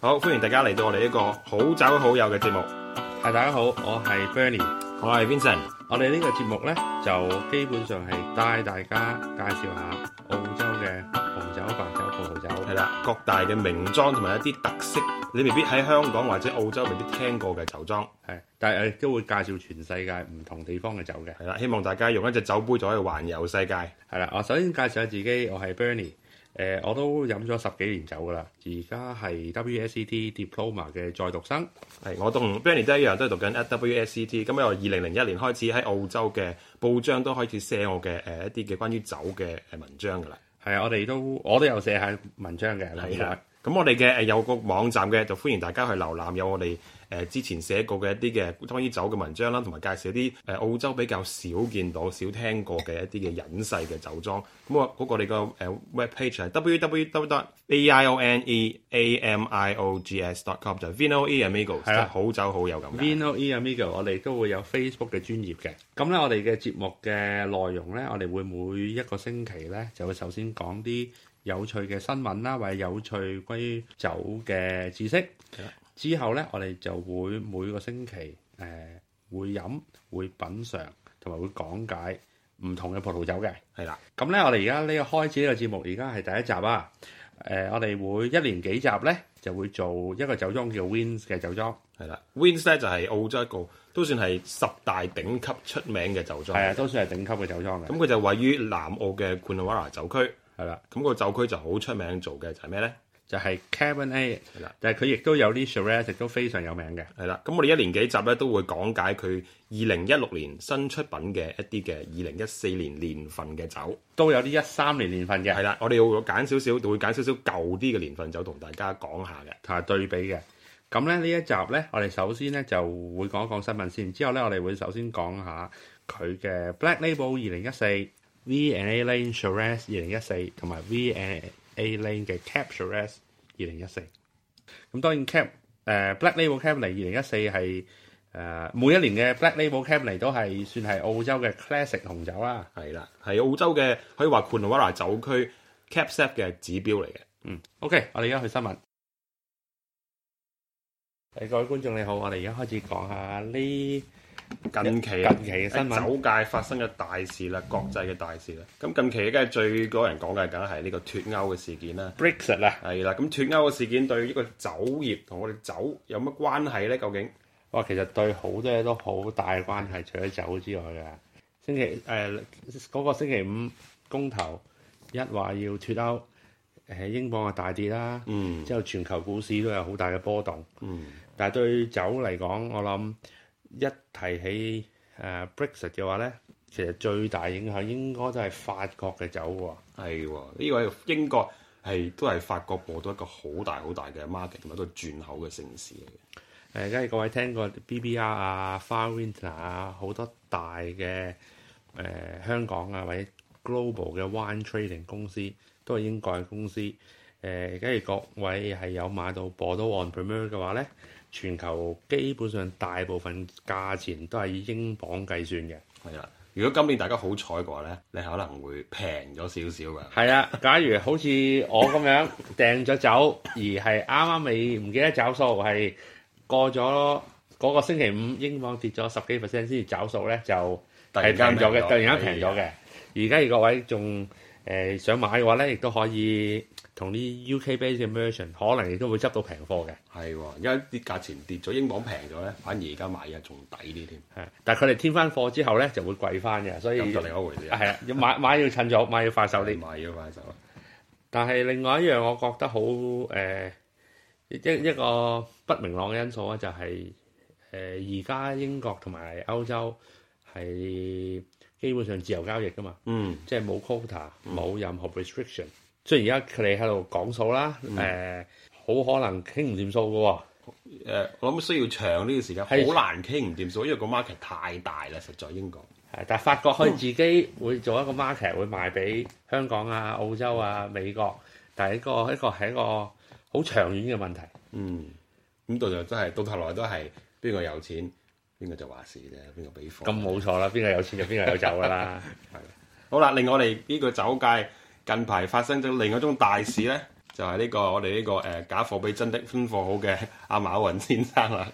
好，歡迎大家嚟到我哋一個好酒好友嘅節目。係，大家好，我係 Bernie，我係 Vincent。我哋呢個節目呢，就基本上係帶大家介紹下澳洲嘅紅酒、白酒、葡萄酒，係啦，各大嘅名莊同埋一啲特色，你未必喺香港或者澳洲未必聽過嘅酒莊，係，但係都會介紹全世界唔同地方嘅酒嘅。係啦，希望大家用一隻酒杯就可以環遊世界。係啦，我首先介紹一下自己，我係 Bernie。誒、嗯，我都飲咗十幾年酒㗎啦，而家係 WSET Diploma 嘅在讀生。係，我同 Beni 都一樣，都係讀緊 WSET。咁又二零零一年開始喺澳洲嘅報章都開始寫我嘅誒一啲嘅關於酒嘅誒文章㗎啦。係啊，我哋都我都有寫係文章嘅。係啊，咁我哋嘅誒有個網站嘅，就歡迎大家去瀏覽，有我哋。誒、呃、之前寫過嘅一啲嘅關於酒嘅文章啦，同埋介紹一啲誒、呃、澳洲比較少見到、少聽過嘅一啲嘅隱世嘅酒莊。咁我嗰個你個誒、呃、web page 係 w w w. a i o n e a m i o g s. dot com 就 Vino E Amigos，係、啊就是、好酒好友咁。Vino E Amigo 我哋都會有 Facebook 嘅專頁嘅。咁咧，我哋嘅節目嘅內容咧，我哋會每一個星期咧就會首先講啲有趣嘅新聞啦，或者有趣關於酒嘅知識。之後咧，我哋就會每個星期誒、呃、會飲、會品嘗同埋會講解唔同嘅葡萄酒嘅，係啦。咁咧，我哋而家呢個開始呢個節目，而家係第一集啊。呃、我哋會一年幾集咧，就會做一個酒莊叫 Wynns 嘅酒莊，係啦。Wynns 咧就係、是、澳洲一個都算係十大頂級出名嘅酒莊，係啊，都算係頂級嘅酒莊嘅。咁佢就位於南澳嘅 Coonawarra 酒區，係啦。咁、那個酒區就好出名做嘅就係咩咧？就係 Cabernet 啦，但係佢亦都有啲 Shiraz 亦都非常有名嘅。係啦，咁我哋一年幾集咧都會講解佢二零一六年新出品嘅一啲嘅二零一四年年份嘅酒，都有啲一三年年份嘅。係啦，我哋會揀少少，會揀少少舊啲嘅年份酒同大家講下嘅，同埋對比嘅。咁咧呢一集咧，我哋首先咧就會講一講新聞先，之後咧，我哋會首先講下佢嘅 Black Label 二零一四 V and A Lane Shiraz 二零一四同埋 V and A Lane 嘅 Captures 二零一四，咁當然 Cap 誒、呃、Black Label Cap 嚟二零一四係誒每一年嘅 Black Label Cap 嚟都係算係澳洲嘅 Classic 紅酒啦，係啦，係澳洲嘅可以話 Coonawarra 酒區 Cap Set 嘅指標嚟嘅。嗯，OK，我哋而家去新聞。誒、哎、各位觀眾你好，我哋而家開始講下呢。近期近期嘅新聞，酒界發生嘅大事啦，國際嘅大事啦。咁近期梗係最多人講嘅梗係呢個脱歐嘅事件啦。Brexit 啊，係啦。咁脱歐嘅事件對呢個酒業同我哋酒有乜關係咧？究竟？哇，其實對好多嘢都好大嘅關係，除咗酒之外嘅。星期誒嗰、呃嗰個星期五公投一話要脱歐，誒英鎊啊大跌啦，嗯，之後全球股市都有好大嘅波動，嗯，但係對酒嚟講，我諗。一提起誒、呃、Brexit 嘅話咧，其實最大影響應該都係法國嘅酒喎。呢個英國係都係法國播到一個好大好大嘅 market，k 一個轉口嘅城市嚟嘅。誒、呃，假如各位聽過 BBR 啊、Farwinter 啊好多大嘅誒、呃、香港啊或者 global 嘅 wine trading 公司都係英國嘅公司。誒、呃，假如各位係有買到波多 en primeur 嘅話咧。全球基本上大部分價錢都係以英鎊計算嘅。係啦，如果今年大家好彩嘅話咧，你可能會平咗少少㗎。係 啦，假如好似我咁樣 訂咗酒，而係啱啱未唔記得找數，係過咗嗰個星期五，英鎊跌咗十幾 percent 先至找數咧，就係平咗嘅，突然間平咗嘅。而家而個位仲～誒、呃、想買嘅話咧，亦都可以同啲 UK based merchant 可能亦都會執到平貨嘅。係喎，因為啲價錢跌咗，英鎊平咗咧，反而而家買嘢仲抵啲添。係，但係佢哋添翻貨之後咧，就會貴翻嘅，所以。咁就另一回事。係啊，要買買要趁早， 買要快手啲。買要快手。但係另外一樣，我覺得好誒、呃、一一,一個不明朗嘅因素咧，就係，就係誒而家英國同埋歐洲係。基本上自由交易㗎嘛，嗯、即係冇 quota 冇、嗯、任何 restriction。嗯、所以而家佢哋喺度講數啦，好、嗯呃、可能傾唔掂數㗎喎。我諗需要長啲嘅時間，好難傾唔掂數，因為個 market 太大啦，實在英國，但係法國可以自己會做一個 market，嗯、會賣俾香港啊、澳洲啊、美國。但係呢個一個係一個好長遠嘅問題。嗯，咁到就真係到頭來都係邊個有錢。邊個就話事啫？邊個俾貨？咁冇錯啦，邊個有錢就邊個有酒噶啦。係， 好啦，另外我哋呢個酒界近排發生咗另一種大事咧，就係呢個我哋呢個誒假貨比真的分貨好嘅阿馬雲先生啦。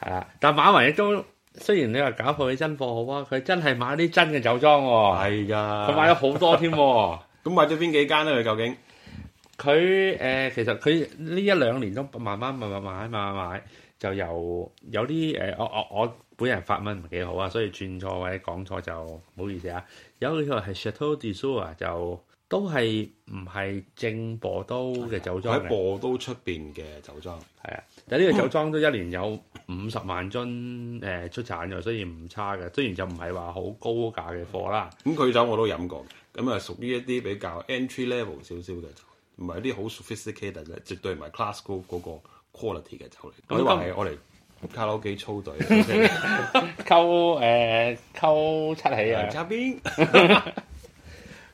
係啦，但馬雲亦都雖然你話假貨比真貨好啊，佢真係買啲真嘅酒莊喎。係噶，佢買咗好多添，咁 買咗邊幾間咧？佢究竟？佢誒其實佢呢一兩年都慢慢慢慢買啊買，就由有啲誒我我我。我本人發問唔係幾好啊，所以轉錯或者講錯就唔好意思啊。有呢個係 Chateau Drouot 啊，就都係唔係正波刀嘅酒莊？喺波刀出邊嘅酒莊係啊，但呢個酒莊都一年有五十萬樽誒出產咗，所以唔差嘅。雖然就唔係話好高價嘅貨啦，咁、嗯、佢酒我都飲過嘅，咁啊屬於一啲比較 entry level 少少嘅，酒，唔係啲好 sophisticated 嘅，絕對唔係 classical 嗰個 quality 嘅酒嚟。咁你話係我哋？卡路基粗隊， 扣、呃、扣七起啊！差邊，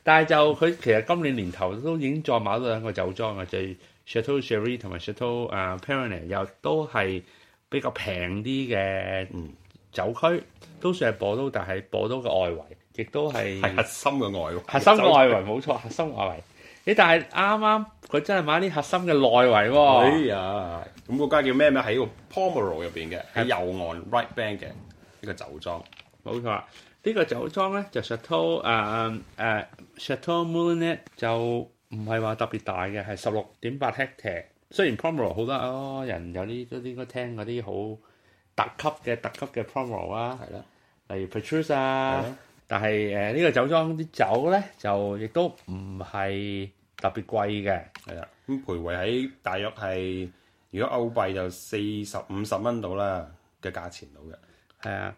但係就佢其實今年年頭都已經再買咗兩個酒莊嘅，就係、是、Chateau Cheri 同埋 Chateau、uh, Perronet，又都係比較平啲嘅酒區，都算係波多，但係波多嘅外圍亦都係核心嘅外，外圍，核心外圍冇錯，核心外圍。誒，但係啱啱佢真係買啲核心嘅內圍喎。哎呀，咁個家叫咩名？喺個 Pomerol 入邊嘅，喺右岸 Right Bank 嘅呢個酒莊。冇錯，呢個酒莊咧就 Chateau 誒誒 Chateau Moulinet 就唔係話特別大嘅，係十六點八 hectare。雖然 Pomerol 好多哦，人有啲都應該聽嗰啲好特級嘅特級嘅 Pomerol 啊，係啦，例如 Petrus 啊，但係誒呢個酒莊啲酒咧就亦都唔係。特別貴嘅，係啦，咁徘徊喺大約係，如果歐幣就四十五十蚊到啦嘅價錢度嘅。係啊，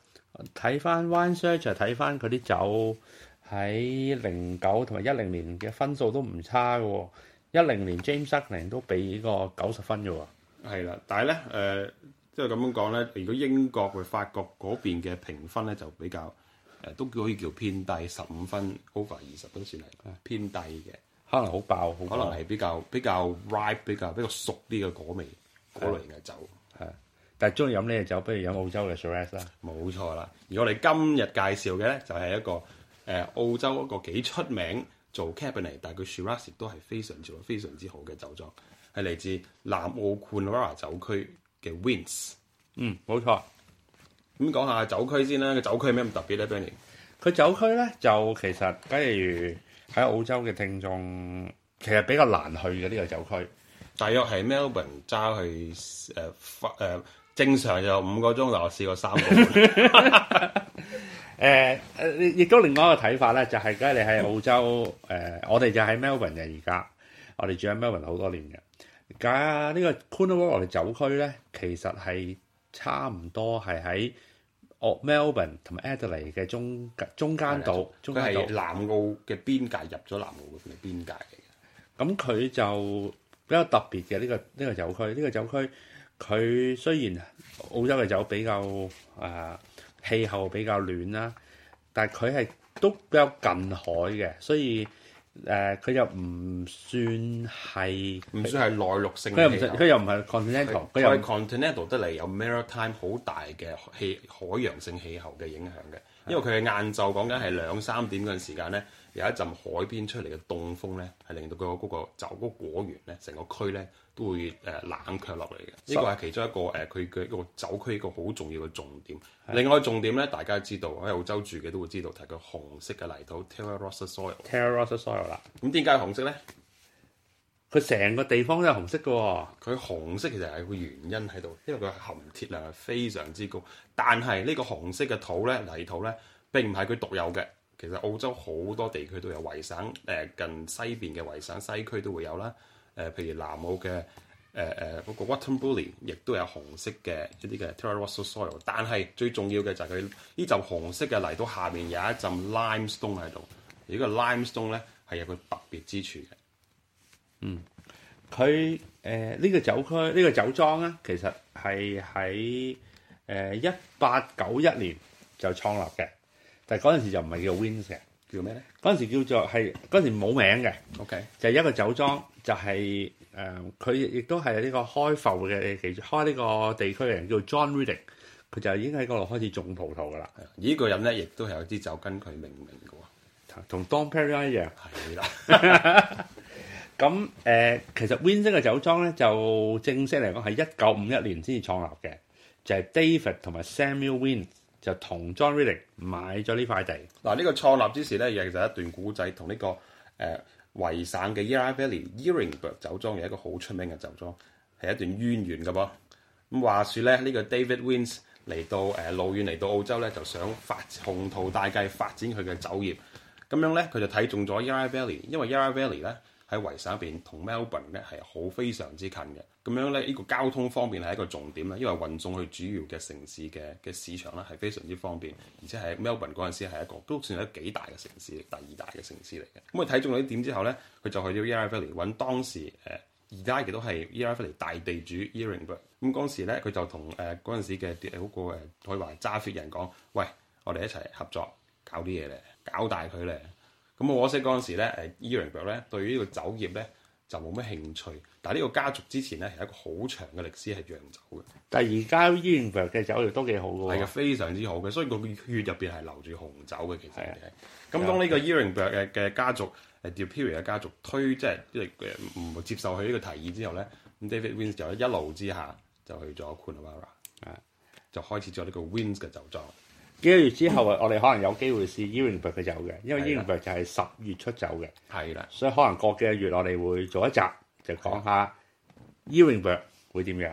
睇翻 One Search 就睇翻佢啲酒喺零九同埋一零年嘅分數都唔差嘅、哦。一零年 James Suckling 都俾呢個九十分啫喎。係啦，但係咧誒，即係咁樣講咧，如果英國或法國嗰邊嘅評分咧就比較誒、呃、都可以叫偏低十五分 over 二十都算係偏低嘅。可能好爆，可能係比較、嗯、比較 ripe，比較比較熟啲嘅果味果類型嘅酒。係，但係中意飲呢隻酒，不如飲澳洲嘅 Shiraz 啦。冇、嗯、錯啦，而我哋今日介紹嘅咧，就係、是、一個誒、呃、澳洲一個幾出名做 Cabernet 但係佢 Shiraz 都係非常之非常之好嘅酒莊，係嚟自南澳 Coonawarra 酒區嘅 Wynns。嗯，冇錯。咁、嗯、講下酒區先啦，個酒區係咩咁特別咧 Benny 佢酒區咧就其實假如。喺澳洲嘅聽眾其實比較難去嘅呢、呢個酒區，大約係 Melbourne 揸去、呃、正常就五個鐘，但我試過三個鐘。誒 誒、 呃，亦都另外一個睇法咧，就係梗係你喺澳洲誒，我哋就喺 Melbourne 嘅而家，我哋住喺 Melbourne 好多年嘅，而家呢個 Coonawarra 嚟酒區咧，其實係差唔多係喺。哦，Melbourne 同埋 Adelaide 嘅中中間度，佢係南澳嘅邊界入咗南澳嘅邊界嚟嘅。咁佢就比較特別嘅呢個呢個酒區。呢個酒區佢雖然澳洲嘅酒比較啊、呃、氣候比較暖啦，但係佢係都比較近海嘅，所以。誒、呃，佢又唔算係唔算係內陸性氣候，佢又唔佢又唔係 continental，佢又 continental 得嚟有 maritime 好大嘅氣海洋性氣候嘅影響嘅，因為佢嘅晏晝講緊係兩三點嗰陣時間咧。有一陣海邊出嚟嘅凍風咧，係令到佢嗰個酒嗰、那個、果園咧，成個區咧都會誒、呃、冷卻落嚟嘅。呢個係其中一個誒，佢嘅一個酒區一個好重要嘅重點。另外重點咧，大家知道喺澳洲住嘅都會知道，係個紅色嘅泥土 （Terra Rossa soil）。Terra Rossa soil 啦。咁點解係紅色咧？佢成個地方都係紅色嘅喎、哦。佢紅色其實係個原因喺度，因為佢含鐵量係非常之高。但係呢個紅色嘅土咧、泥土咧，並唔係佢獨有嘅。其實澳洲好多地區都有維省，誒近西邊嘅維省西區都會有啦。誒、呃，譬如南澳嘅誒誒嗰個 Wattenbully，亦都有紅色嘅一啲嘅 terra rossa soil。但係最重要嘅就係佢呢浸紅色嘅嚟到下面有一浸 limestone 喺度。而、這、呢個 limestone 咧係有一個特別之處嘅。嗯，佢誒呢個酒區呢、這個酒莊啊，其實係喺誒一八九一年就創立嘅。但係嗰陣時就唔係叫 Wynns 嘅，叫咩咧？嗰陣時叫做係嗰陣時冇名嘅，OK，就係一個酒莊，就係誒佢亦都係呢個開埠嘅，其實開呢個地區嘅人叫 John Riddoch，佢就已經喺嗰度開始種葡萄噶啦。而、這、呢個人咧，亦都係有啲酒根佢命名嘅喎，同 Dom Pérignon 一樣。係啦。咁 誒、 呃，其實 Wynns 嘅酒莊咧，就正式嚟講係一九五一年先至創立嘅，就係、是、David 同埋 Samuel Wynn 就同 John Riddick 買咗呢塊地。嗱、這、呢個創立之時咧，亦就一段古仔，同呢、這個、呃、維省嘅 Yarra Valley Yering 酒莊有一個好出名嘅酒莊，係一段淵源嘅噃。咁話說咧，呢、這個 David Wynn 嚟到誒路遠嚟到澳洲咧，就想發宏圖大計發展佢嘅酒業。咁樣咧，佢就睇中咗 Yarra Valley，因為 Yarra Valley 咧喺維省入邊同 Melbourne 咧係好非常之近嘅。咁樣咧，呢個交通方面係一個重點咧，因為運送去主要嘅城市嘅嘅市場咧係非常之方便，而且喺 Melbourne 嗰陣時係一個都算係幾大嘅城市，第二大嘅城市嚟嘅。咁佢睇中咗呢點之後咧，佢就去咗 Yarra Valley 揾當時，而家亦都係 Yarra Valley 大地主 Earringbr。咁嗰時咧，佢就同誒嗰陣時嘅好過誒，可以話揸 fit 人講，喂，我哋一齊合作搞啲嘢嚟搞大佢咧。咁可惜嗰陣時咧，誒 Earringbr 咧對於呢個酒業咧，就冇咩興趣，但係呢個家族之前咧係一個好長嘅歷史係釀酒嘅，但係而家 Yeringberg 嘅酒力都幾好嘅喎，係啊，非常之好嘅，所以個血入邊係留住紅酒嘅其實係，咁當呢個 Yeringberg 嘅嘅家族，誒 de Pury 嘅家族推即係唔會接受佢呢個提議之後咧，咁、嗯、David Wynn 就一路之下就去咗 Coonawarra，啊就開始做呢個 Wynns 嘅酒莊。幾個月之後啊、嗯，我哋可能有機會試 Ewingberg 嘅酒嘅，因為 Ewingberg 就係十月出酒嘅，係啦，所以可能過幾個月我哋會做一集就講一下 Ewingberg 會點樣。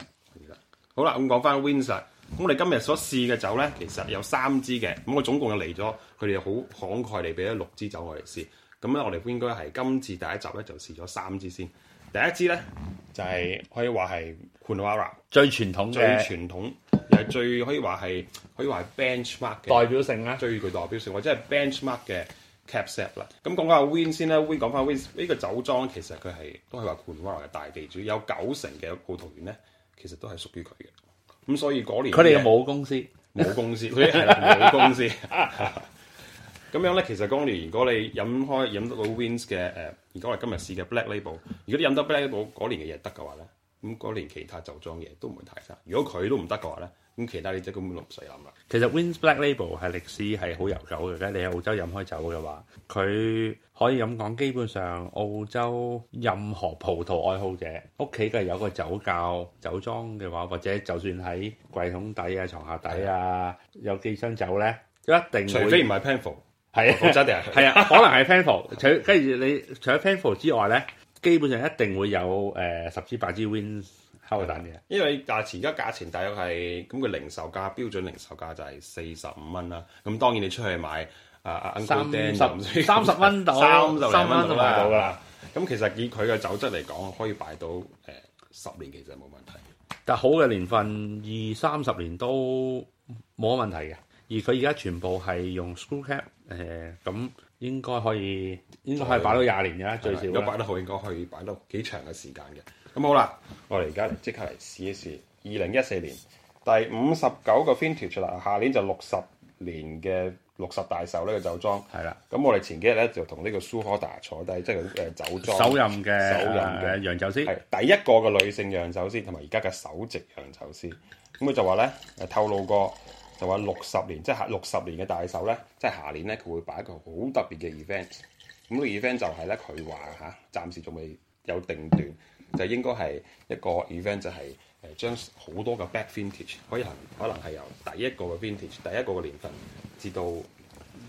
好啦，咁、嗯、講翻 Wynns，咁我哋今日所試嘅酒咧，其實有三支嘅，咁我哋總共有嚟咗，佢哋好慷慨地俾咗六支酒我嚟試，咁咧我哋應該係今次第一集咧就試咗三支先。第一支咧、嗯、就係、是、可以話係 Coonawarra 最傳統嘅。最傳統又係最可以話係可以話係 benchmark 嘅代表性啦、啊，最具代表性或者係 benchmark 嘅 capset 啦。咁講阿 Win 先啦，Win 講翻 Win 呢個酒莊，其實佢係都係話 Coonawarra 嘅大地主，有九成嘅葡萄園咧，其實都係屬於佢嘅。咁所以嗰年佢哋又冇公司，冇公司，佢係冇公司。咁 樣咧，其實嗰年如果你飲開飲得到 Wins 嘅誒，如、呃、果我哋今日試嘅 Black Label，如果你飲得 Black Label 嗰年嘅嘢得嘅話咧？咁嗰年其他酒莊嘢都唔會太差。如果佢都唔得嘅話咧，咁其他你即根本都唔使諗啦。其實 Wynns Black Label 係歷史係好悠久嘅咧。你喺澳洲飲開酒嘅話，佢可以咁講，基本上澳洲任何葡萄愛好者屋企嘅有個酒窖、酒莊嘅話，或者就算喺櫃桶底啊、床下底啊，有幾箱酒咧，一定會除非唔係 Penfolds 係係啊， 可能係 Penfolds 除跟住你除咗 Penfolds 之外咧，基本上一定會有誒十支八支 Wynns h o l d 嘅，因為價錢而家價錢大約係咁，佢零售價標準零售價就係四十五蚊啦。咁當然你出去買啊 Uncle Dan 三十三十蚊到三十零蚊到㗎啦。咁、呃、其實以佢嘅酒質嚟講，可以擺到誒十、呃、年其實冇問題。但係好嘅年份二三十年都冇問題嘅。而佢而家全部係用 screw cap 誒、呃、咁。應該可以，應該可以擺到廿年嘅，最少。如果擺得好，應該可以擺到幾長嘅時間嘅。咁好啦，我哋而家即刻嚟試一試二零一四年第五十九個 Vintage 啦，下年就六十年嘅六十大壽呢個酒莊。係啦。咁我哋前幾日咧就同呢個蘇科達坐低，即係誒酒莊首任嘅首任嘅洋、呃、酒師，係第一個嘅女性洋酒師，同埋而家嘅首席洋酒師。咁佢就話咧，誒透露過。就話六十年，即係六十年嘅大壽咧，即係下年咧，佢會擺一個好特別嘅 event。咁、嗰個 event 就係咧，佢話嚇，暫時仲未有定段，就應該係一個 event 就係誒將好多嘅 back vintage 可以行可能係由第一個嘅 vintage，第一個嘅年份，至到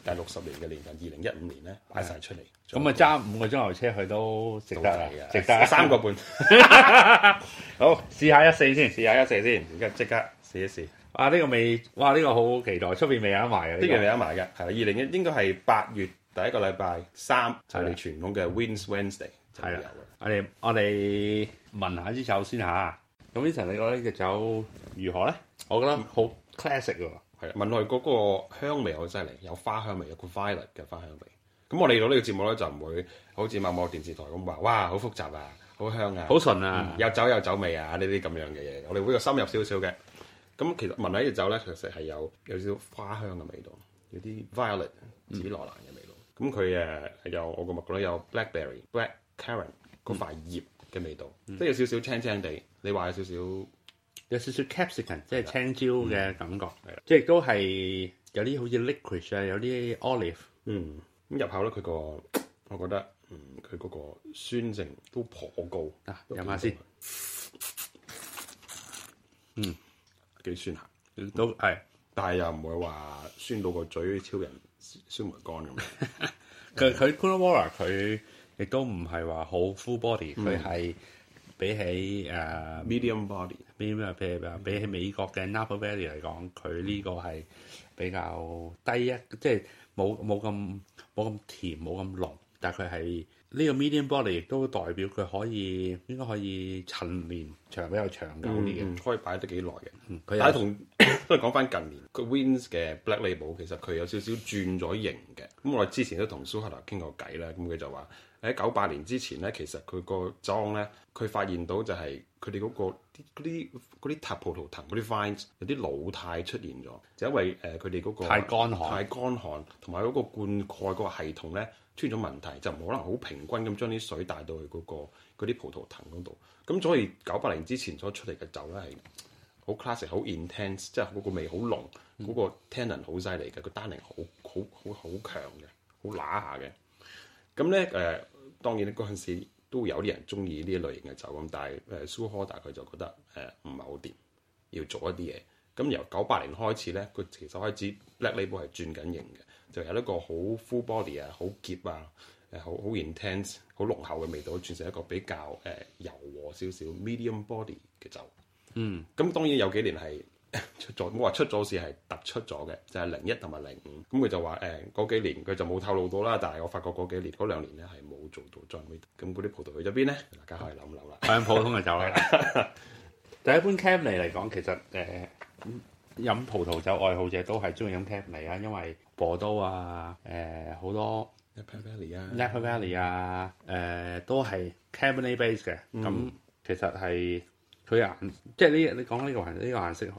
第六十年嘅年份，二零一五年咧擺晒出嚟。咁啊，揸五個鐘頭車去都值得，值得啊，啊，值得三個半。 好，試下一四先，試下一四先，而家即刻試一試。啊！呢、這個未哇！呢、這個好期待，出面未啱賣嘅？啲人未啱賣嘅，係啦。二零一應該係八月第一個禮拜三，就係傳統嘅 Wednesday，i n s w 係啦。我哋我哋問下支酒先吓。咁呢 i 你覺得呢個酒如何咧？我覺得好 classic 㗎，喎。問落去嗰、那個香味好犀利，有花香味，有股 v i o l e t 嘅花香味。咁我嚟到呢個節目咧，就唔會好似某某電視台咁話，哇！好複雜啊，好香啊，好純啊、嗯，有酒有酒味啊，呢啲咁樣嘅嘢，我哋會有深入少少嘅。咁、嗯、其實聞喺隻酒咧，其實係有有少少花香嘅味道，有啲 violet 紫、嗯、羅蘭嘅味道。咁佢誒有我個目覺得有 blackberry black Karen、嗯、blackcurrant 嗰塊葉嘅味道，嗯、即係有少少青青地。你話有少少有少少 capsicum 即係青椒嘅感覺，係、嗯、啦。即係都係有啲好似 liquorice 啊，有啲 olive。嗯，咁入口咧，佢、嗰個我覺得嗯佢嗰個酸性都頗高。嗱、啊，飲下先。嗯。幾酸下、嗯，都係，但係又唔會話酸到個嘴超人酸梅乾咁。佢佢 Coonawarra 佢亦都唔係話好 full body，佢係比起誒、嗯啊、medium body，medium body 比起美國嘅 Napa Valley 嚟講，佢呢個係比較低一、嗯，即係冇冇咁冇咁甜，冇咁濃，但係佢係。呢、這個 medium Body 亦都代表佢可以應該可以陳年長比較長久啲嘅，可以擺得幾耐嘅。嗯，但係同都係講翻近年，佢 Wynns 嘅 Black Label 其實佢有少少轉咗型嘅。咁我之前都同蘇克拿傾過偈啦，咁佢就話喺九八年之前咧，其實佢個莊咧，佢發現到就係佢哋嗰個啲嗰啲啲塔葡萄藤嗰啲 vines 有啲老態出現咗，就是、因為誒佢哋嗰個太乾旱，太乾旱，同埋嗰個灌溉嗰個系統咧。出咗問題，就唔可能好平均咁將啲水帶到去、那、嗰個嗰啲葡萄藤嗰度。咁所以九八年之前所出嚟嘅酒咧係好 classic、好 intense，即係嗰個味好濃，嗰、嗯那個 tannin 好犀利嘅，那個單寧好好好好強嘅，好乸下嘅。咁咧誒，當然咧嗰陣時都有啲人中意呢一類型嘅酒咁，但係、呃、Sue Hodder 大概就覺得誒唔係好掂，要做一啲嘢。咁由九八年開始咧，佢其實開始 Black Label 係轉緊型嘅。就有一個好 full body 啊，好澀啊，誒好好 intense，好濃厚嘅味道，轉成一個比較誒柔和少少 medium body 嘅酒。嗯，咁當然有幾年係出咗，我話出咗事係突出咗嘅，就係零一同埋零五。咁佢就話誒嗰幾年佢就冇透露到啦。但係我發覺嗰幾年嗰兩年咧係冇做到再會，咁嗰啲葡萄去咗邊咧？大家可以諗一諗啦。飲、嗯、 普通嘅酒啦。但 係一般 Cabernet 嚟講，其實誒、呃、飲葡萄酒愛好者都係中意飲 Cabernet 啦，因為 Bordeaux 啊，誒、呃、好多 Napa Valley 啊，誒、啊嗯呃、都係 Cabernet based 嘅，咁、嗯嗯、其實係佢顏，即係呢、這個，你講呢個顏呢、這個顏色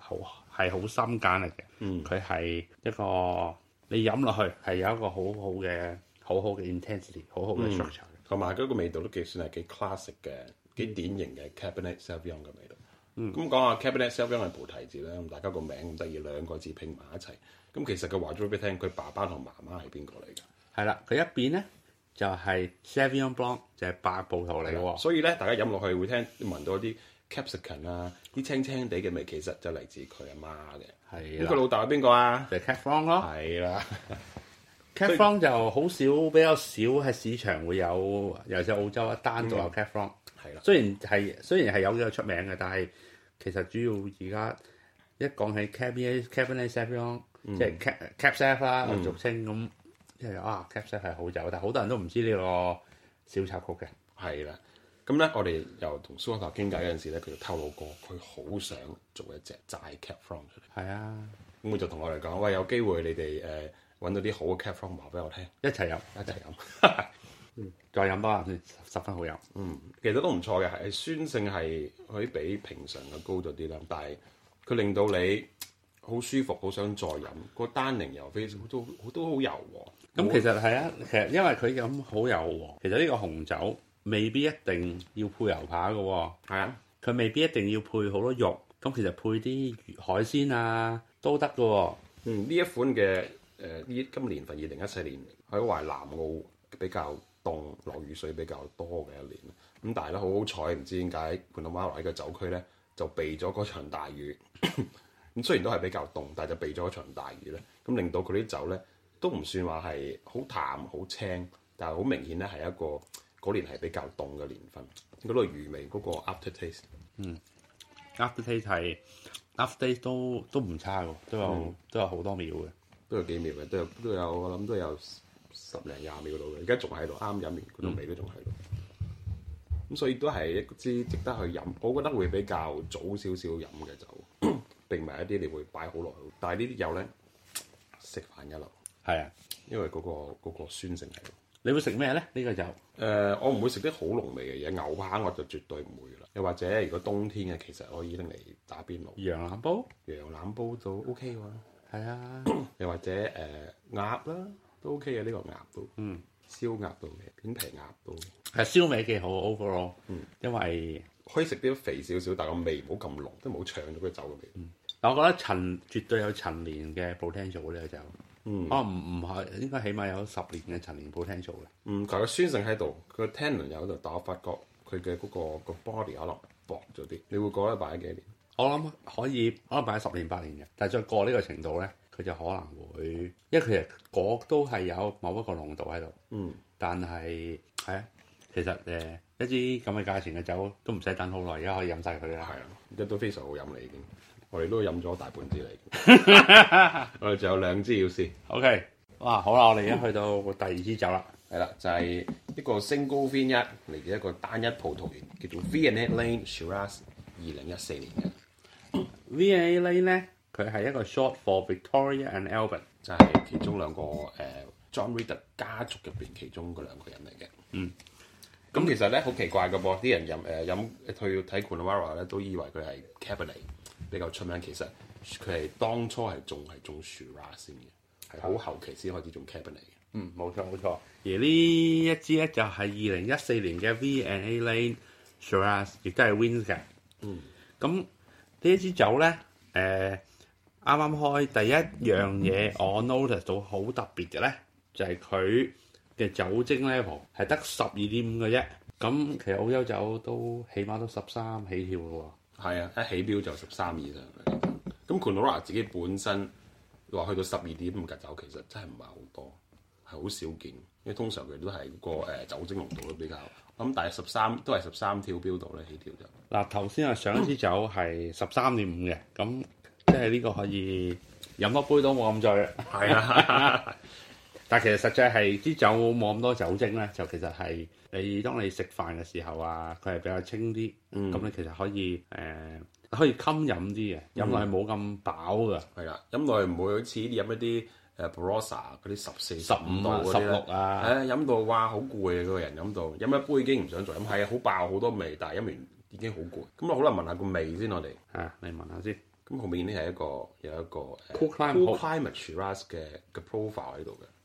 好係好深簡嚟嘅，佢、嗯、係一個你飲落去係有一個好好嘅好好嘅 intensity，好好嘅 structure，同埋嗰個味道都幾算係幾 classic 嘅，幾典型嘅 Cabernet Sauvignon 嘅味道。咁、嗯、講下 Cabernet Sauvignon 嘅葡提子啦，咁大家個名咁得意，兩個字拼埋一齊。咁其實佢話咗俾你聽，佢爸爸同媽媽係邊個嚟㗎？係啦，佢一邊咧就係、是、Sauvignon Blanc，就係白葡萄嚟嘅。所以咧，大家飲落去會聽聞到啲 capsicum 啊，啲青青地嘅味，其實就嚟自佢阿媽嘅。係咁，佢老豆係邊個啊？就 Cab Franc 咯。係啦，Cab Franc 就好少，比較少喺市場會有，尤其是澳洲一單做有 Cab Franc 啦，雖然係，雖然係有幾個出名嘅，但係其實主要而家一講起 Cabernet、Cabernet Sauvignon。即係 cap c a p e 啦，俗稱咁，即係 cap、嗯、啊，Cab Franc 係好酒，但係好多人都唔知呢個小插曲嘅。係啦，咁咧我哋又同蘇學頭傾偈嗰陣時咧，佢就透露過，佢好想做一隻齋 Cab Franc 出嚟。係啊，咁佢就同我哋講：喂，有機會你哋誒揾到啲好嘅 Cab Franc 話俾我聽，一齊飲，一齊飲、 嗯，再飲多，十分好飲。嗯，其實都唔錯嘅，係酸性係可以比平常嘅高咗啲啦，但係佢令到你。好舒服，好想再飲。那個單寧又非常都都好油喎。咁其實係啊，其實因為佢咁好油喎。其實呢個紅酒未必一定要配牛扒喎，係啊，佢未必一定要配好多肉。咁其實配啲魚、海鮮啊都得嘅。嗯，呢一款嘅誒呢，今年份二零一四年，喺華南澳比較凍，落雨水比較多嘅一年。咁但係咧，好好彩唔知點解半島馬來嘅酒區咧就避咗嗰場大雨。 咁雖然都係比較凍，但係就避咗一場大雨咧，咁令到佢啲酒咧都唔算話係好淡好清，但係好明顯咧係一個嗰年係比較凍嘅年份。嗰個魚味嗰個 after taste，嗯，after taste 係 after taste 都都唔差，都有都有好多秒嘅，都有秒都幾秒嘅，都有都有我諗都有十零廿秒到嘅。而家仲喺度，啱飲完嗰種味都仲喺度。咁、嗯、所以都係一支值得去飲，我覺得會比較早少少飲嘅酒。定埋一啲你會擺好耐，但係呢啲油咧食飯一流，係啊，因為嗰個嗰個酸性喺度。你會食咩咧？呢個油？誒，我唔會食啲好濃味嘅嘢，牛扒我就絕對唔會啦。又或者如果冬天嘅，其實可以拎嚟打邊爐。羊腩煲？羊腩煲都 OK 喎。係啊。又或者誒，鴨啦都 OK 嘅，呢個鴨都。嗯。燒鴨都 OK，片皮鴨都係燒味嘅好 over 咯。嗯。因為可以食啲肥少少，但個味唔好咁濃，都唔好搶咗佢酒嘅味。嗯我覺得陳絕對有陳年嘅 potential 呢個酒，嗯，可能唔唔係應該起碼有十年嘅陳年 potential 嘅。嗯，佢嘅酸性喺度，佢嘅 tannin 又喺度打，但我發覺佢嘅嗰個 body 可能薄咗啲。你會覺得擺幾年？我諗可以可能擺十年八年嘅，但係再過呢個程度咧，佢就可能會，因為佢其實果都係有某一個濃度喺度。嗯，但係係啊，其實誒、呃、一支咁嘅價錢嘅酒都唔使等好耐，而家可以飲晒佢啦。係啊，即都非常好飲嚟已經。我哋都飲咗大半支嚟， 我哋仲有兩支要試。OK，哇，好啦，我哋而家去到第二支酒啦，係 啦，就係、是、一個 Single Vineyard 嚟嘅一個單一葡萄園，叫做 V&A Lane Shiraz 二零一四年嘅 V&A Lane 咧，佢係一個 short for Victoria and Albert，就係其中兩個誒、呃、John Ritter 家族入邊其中嗰兩個人嚟嘅。嗯，咁、嗯、其實咧好奇怪嘅噃，啲人飲誒飲去睇 Coonawarra 咧都以為佢係 Cabernet。比較出名，其實佢係當初係種係種 Shiraz 先嘅，係好後期先開始種 Cabernet 嘅。嗯，冇錯冇錯。而呢一支咧就係二零一四年嘅 V and A Lane Shiraz 亦都係 Wynns 嘅。嗯，咁呢一支酒咧，誒啱啱開第一樣嘢，我 notice 到好特別嘅咧，就係佢嘅酒精 level 係得十二點五嘅啫。咁其實澳洲酒都起碼都十三起跳嘅喎。係啊，一起標就十三以上。咁 Coonawarra 自己本身話去到十二點五嘅酒，其實真係唔係好多，係好少見。因為通常佢都係個誒酒精濃度都比較。咁但係十三都係十三條標度咧，起跳就。嗱頭先啊，才上一支酒係十三點五嘅，咁即係呢個可以飲一杯都冇咁醉。係 是啊。 但其實實際係啲酒冇咁多酒精咧，就其實係你當你食飯嘅時候啊，佢係比較清啲。咁、嗯、你其實可以、呃、可以襟飲啲嘅飲落係冇咁飽㗎。係啦，飲落係唔會好似飲一啲 Barossa 嗰啲十四十五度十六啊。係飲到哇好攰啊！啊喝很啊嗰個人飲到飲一杯已經唔想再飲，係啊，好爆好多味，但係飲完已經很那好攰。咁我好難聞下個味先，我哋、啊、你聞下先。咁後面呢係一個有一個 cool climate rice 嘅嘅 profile 喺度嘅。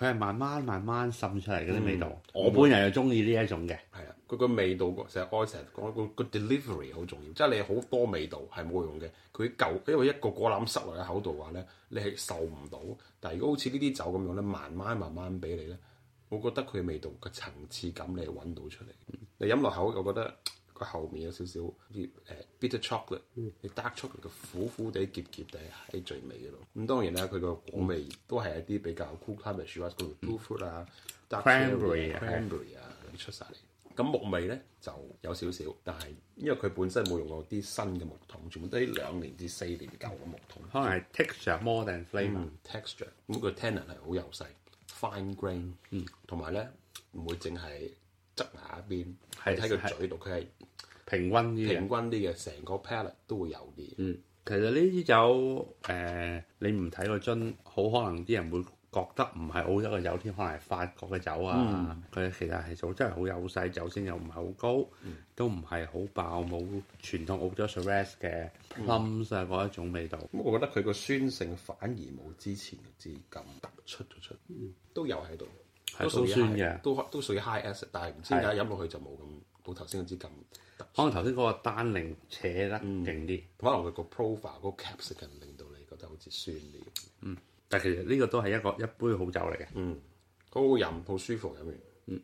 佢係慢慢慢慢滲出嚟嗰啲味道，我本人又中意呢一種嘅，係啦，佢個味道成日愛成日講個個 delivery 好重要，即係你好多味道係冇用嘅，佢舊因為一個果籃塞落喺口度話咧，你係受唔到，但係如果好似呢啲酒咁樣咧，慢慢慢慢俾你咧，我覺得佢味道個層次感你係揾到出嚟、嗯，你飲落口我覺得。個後面有少少啲誒 bitter chocolate，dark chocolate 嘅苦苦地、澀澀地喺最尾嗰度。咁當然咧，佢個果味、嗯、都係一啲比較 cool、climate 嗯、blue fruit、dark berry 啊、cranberry 啊啲、啊、出曬嚟。咁木味咧就有少少，但係因為佢本身冇用過啲新嘅木桶，全部都係兩年至四年舊嘅木桶。可能係 texture more than flavour，texture。咁個 tannin 係好幼細，fine grain。嗯。同埋咧唔會淨係側牙一邊，你睇佢嘴度佢係。平均啲，平均啲嘅成個 palette 都會有啲。嗯，其實呢支酒，誒、呃，你唔睇個樽，好可能啲人會覺得唔係澳洲嘅酒添，可能係法國嘅酒啊。佢、嗯、其實係做真係好有勢，酒精又唔係好高，嗯、都唔係好爆，冇傳統澳洲 Shiraz 嘅 plums 嗰一種味道。咁、嗯、我覺得佢個酸性反而冇之前嘅支咁突出咗出、嗯，都有喺度、嗯，都屬於 high 都都，都屬於 high acid 但係唔知點解飲落去就冇咁。到頭先嗰支咁，可能頭先嗰個單寧扯得勁啲，可能佢個 profile 嗰個 capsicum 令到你覺得好似酸啲。嗯，但係其實呢個都係一個一杯好酒嚟嘅。嗯，嗰個飲好舒服，飲完嗯，呢、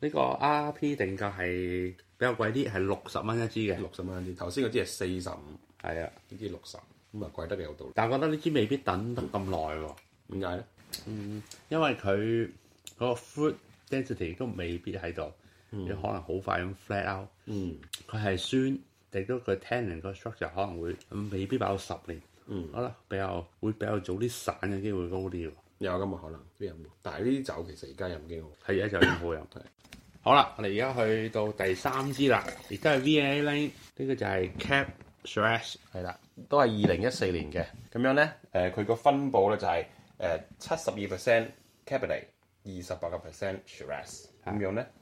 呢個 R P 定價係比較貴啲，係六十蚊一支嘅。六十蚊一支，頭先嗰支係四十五。係啊，呢支六十，咁啊貴得嘅有道理。但係我覺得呢支未必等得咁耐喎。點解咧？嗯，因為佢嗰個 fruit density 都未必喺度。你可能好快咁 flat out，佢係酸，亦都佢 tannin 個 structure 可能會未必擺到十年。好啦，比較會比較早啲散嘅機會高啲喎，有咁嘅可能都有，但係呢啲酒其實而家有冇機會？係而家就冇有。好啦，我哋而家去到第三支啦，亦都係 V&A Lane 呢個就係 Cab Shiraz 係啦，都係二零一四年嘅咁樣咧。誒，佢個分佈咧就係誒七十二 percent Cabernet 二十八個 percent Shiraz 咁樣咧。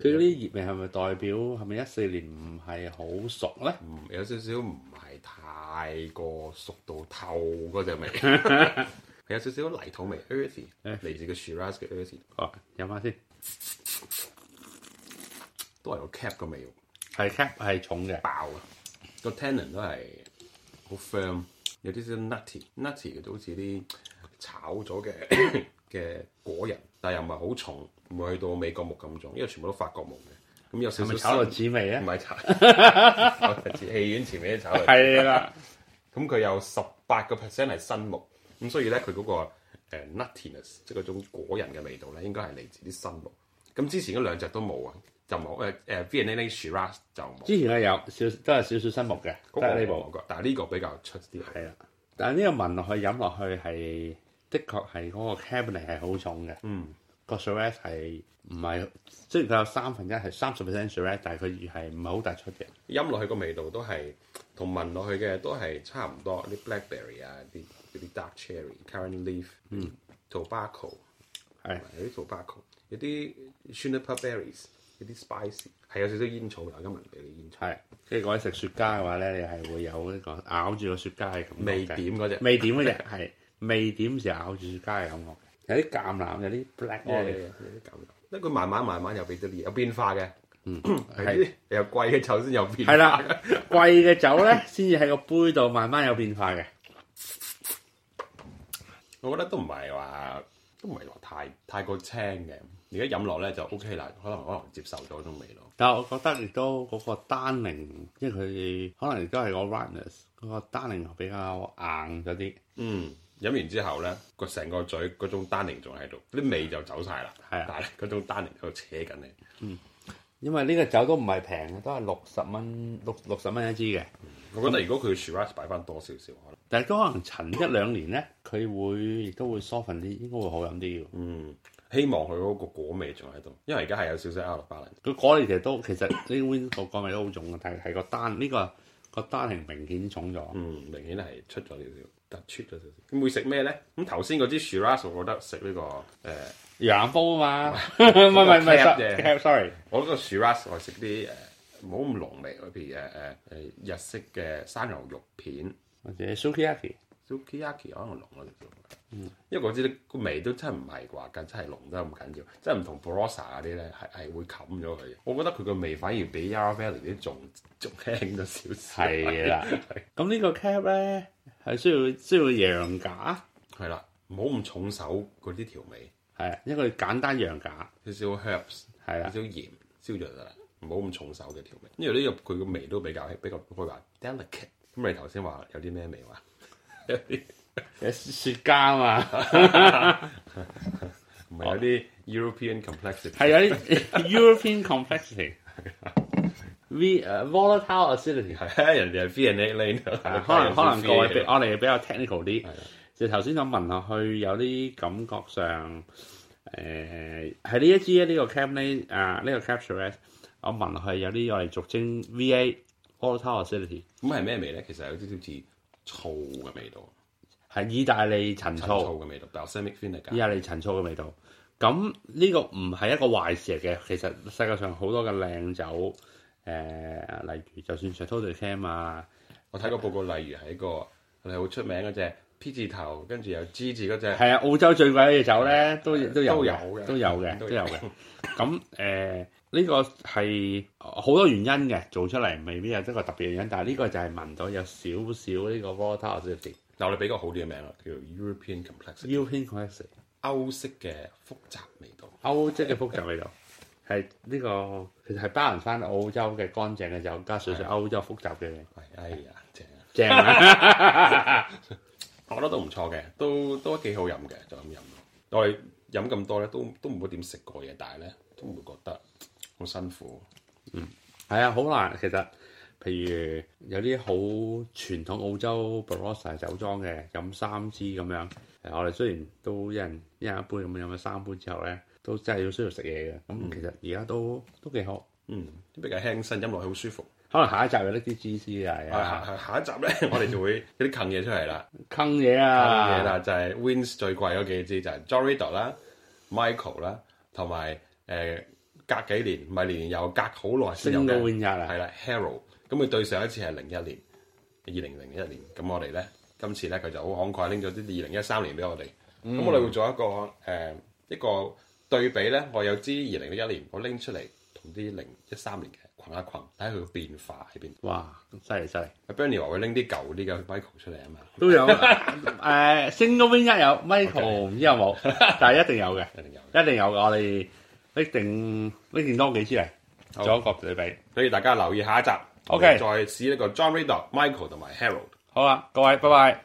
佢嗰啲葉味係咪代表係咪一四年唔係好熟咧？嗯，有少少唔係太過熟到透嗰隻味，係有少少泥土味，earthy 嚟自個 Shiraz 嘅 earthy。哦，飲下先，都係個 cap 個味喎，係 cap 係重嘅，爆啊，個 tannin 都係好 firm，有啲少 nutty，nutty 嘅都好似啲炒咗嘅嘅果仁。但又唔係好重，唔會去到美國木咁重，因為全部都法國木嘅。咁有少少，少炒落紙味啊？唔係炒， 炒，戲院前面啲炒嚟。係 啦是的。咁 佢有十八個 percent 係新木，咁所以咧佢嗰個、uh, nuttiness，即係嗰種果仁嘅味道咧，應該係嚟自啲新木。咁之前嗰兩隻都冇啊，就冇誒誒、uh, V&A Lane Shiraz 就冇。之前咧有少都係少少新木嘅、那個，但係呢但呢個比較出啲。係啦，但係呢個聞落去飲落去係。的確係嗰個 cabernet 係好重嘅，個 Shiraz 係唔係？雖然佢有三分一係三十 percent Shiraz 但係佢係唔係好突出嘅。飲落去個味道都係同聞落去嘅都係差唔多。啲 blackberry 啊，啲啲 dark cherry currant leaf，to、嗯、bacco，係有啲 tobacco，有啲 cranberry 有啲 spicy，係有少少煙草嘅，有啲聞到煙草。係，跟住講起食雪茄嘅話咧，你係會有呢、這個咬住個雪茄係咁味點嗰、那、隻、個，味點嗰隻係。 未點時候，好似街市咁，有啲橄欖，有啲 black olive，有啲狗肉。因為佢慢慢慢慢又俾啲有變化嘅。嗯，係又貴嘅酒先有變。係啦，貴嘅酒咧，先至喺個杯度慢慢有變化嘅、嗯。 我覺得都唔係話，都唔係話太太過青嘅。而家飲落咧就 OK 啦，可能可能接受咗嗰種味咯。但係我覺得亦都嗰個單寧，即係佢可能亦都係個 ripeness，嗰個單寧比較硬咗啲。嗯。飲完之後咧，個成個嘴嗰種單寧仲喺度，啲味就走晒啦。係啊，但係嗰種單寧喺度扯緊你。嗯，因為呢個酒都唔係平嘅，都係六十蚊六六十蚊一支嘅、嗯。我覺得如果佢嘅 Shiraz 擺翻多少少可能，但係都可能陳一兩年咧，佢會亦都會 soften 啲，應該會好飲啲嘅。嗯，希望佢嗰個果味仲喺度，因為而家係有少少阿拉巴蘭。佢果味其實都其實呢 Wynns 果味都好重嘅，但係係個單呢、呢個、嗰個單寧明顯重咗。嗯，明顯係出咗少少。突出啦！咁會食咩咧？咁頭先嗰啲 Shiraz 我覺得食呢、這個誒羊煲啊嘛，唔係唔係唔係 cap 嘅 sorry，我嗰個 Shiraz 我食啲誒冇咁濃味，嗰啲誒誒誒日式嘅生牛肉片或者 sukiyaki，sukiyaki 可能濃啲啲，因為嗰啲個味都真係唔係話，真係濃得咁緊要，真係唔同 Barossa 嗰啲咧係係會冚咗佢。我覺得佢個、呃、味、呃 Sukeyaki, 嗯、味，味反而比 Yarra Valley 啲仲仲輕咗少少係啦。咁 呢個 cap 咧？係需要需要羊架，係啦，唔好咁重手嗰啲調味，係，因為簡單羊架，少少 herbs，係啦，少鹽，燒咗就得啦，唔好咁重手嘅調味，因為呢個佢個味都比較比較開華，delicate。咁你頭先話有啲咩味話？有啲雪茄啊嘛，唔係有啲 European complexity，係有啲 European complexity。V 誒、uh, volatile acidity 係， 人哋係 V&A Lane 可能可能各位我哋比較 technical 啲， 就頭先我聞落去，有啲感覺上誒喺呢一支呢、呢個 Cab 呢啊呢、呢個 capture，我聞落去有啲我哋俗稱 VA volatile acidity 咁係咩味咧？其實有啲似醋嘅味道，係 意大利陳醋嘅味道， 但係 Balsamic 嘅意大利陳醋嘅味道。咁呢個唔係一個壞事嚟嘅，其實世界上好多嘅靚酒。誒、呃，例如就算上 t o d cam 啊，我睇過報告，例如係一個係好出名嗰隻 P 字頭，跟住又 G 字嗰隻。係啊，澳洲最貴嘅酒咧，都都有有嘅都有嘅都有嘅。咁誒，呢、 呃這個係好多原因嘅，做出嚟未必有一個特別原因，但係呢個就係聞到有少少呢個 volatile acidity。但，我哋俾個好啲嘅名啦，叫 European complexity。European complexity，歐式嘅複雜味道。歐式嘅複雜味道。 係呢、這個其實係包含翻澳洲嘅乾淨嘅酒，加上上歐洲複雜嘅嘢、啊。哎呀，正啊！正啊！ 我覺得都唔錯嘅，都都幾好飲嘅，就咁飲。我哋飲咁多咧，都都唔會點食過嘢，但係咧都唔會覺得好辛苦。嗯，係啊，好難。其實，譬如有啲好傳統澳洲 Barossa 酒莊嘅飲三支咁樣，我哋雖然都一人一人一杯咁樣飲咗三杯之後咧。都真係要需要食嘢嘅，咁其實而家都都幾好，嗯，都，都嗯比較輕身，飲落去好舒服。可能下一集有呢啲 GC 啊，下一集咧， 我哋就會有啲坑嘢出嚟啦。坑嘢啊！坑嘢啦，就係、是、Wynns 最貴嗰幾支就係 John Riddoch 啦、Michael 啦，同埋誒隔幾年，唔係年年有，隔好耐先有嘅。升到換日啦。係、啊、啦，Harold 咁佢對上一次係零一年，二零零一年，咁我哋咧今次咧佢就好慷慨拎咗啲二零一三年俾我哋，咁、嗯、我哋會做一個誒、呃、一個。對比咧，我有支二零一一年我拎出嚟同啲零一三年嘅羣一羣，睇下佢個變化喺邊。哇，咁犀利犀利。阿 Bruno 話會拎啲舊啲嘅 Michael 出嚟啊嘛，都有。誒，Single Winner 有 Michael，唔、okay. 知有冇，但係一定有嘅， 一定有，一 定有。我哋拎定拎件多幾支嚟做一個對比，所以大家留意下一集。OK，再試一個 John Riddoch Michael 同埋 Harold。好啊，各位拜拜，拜拜。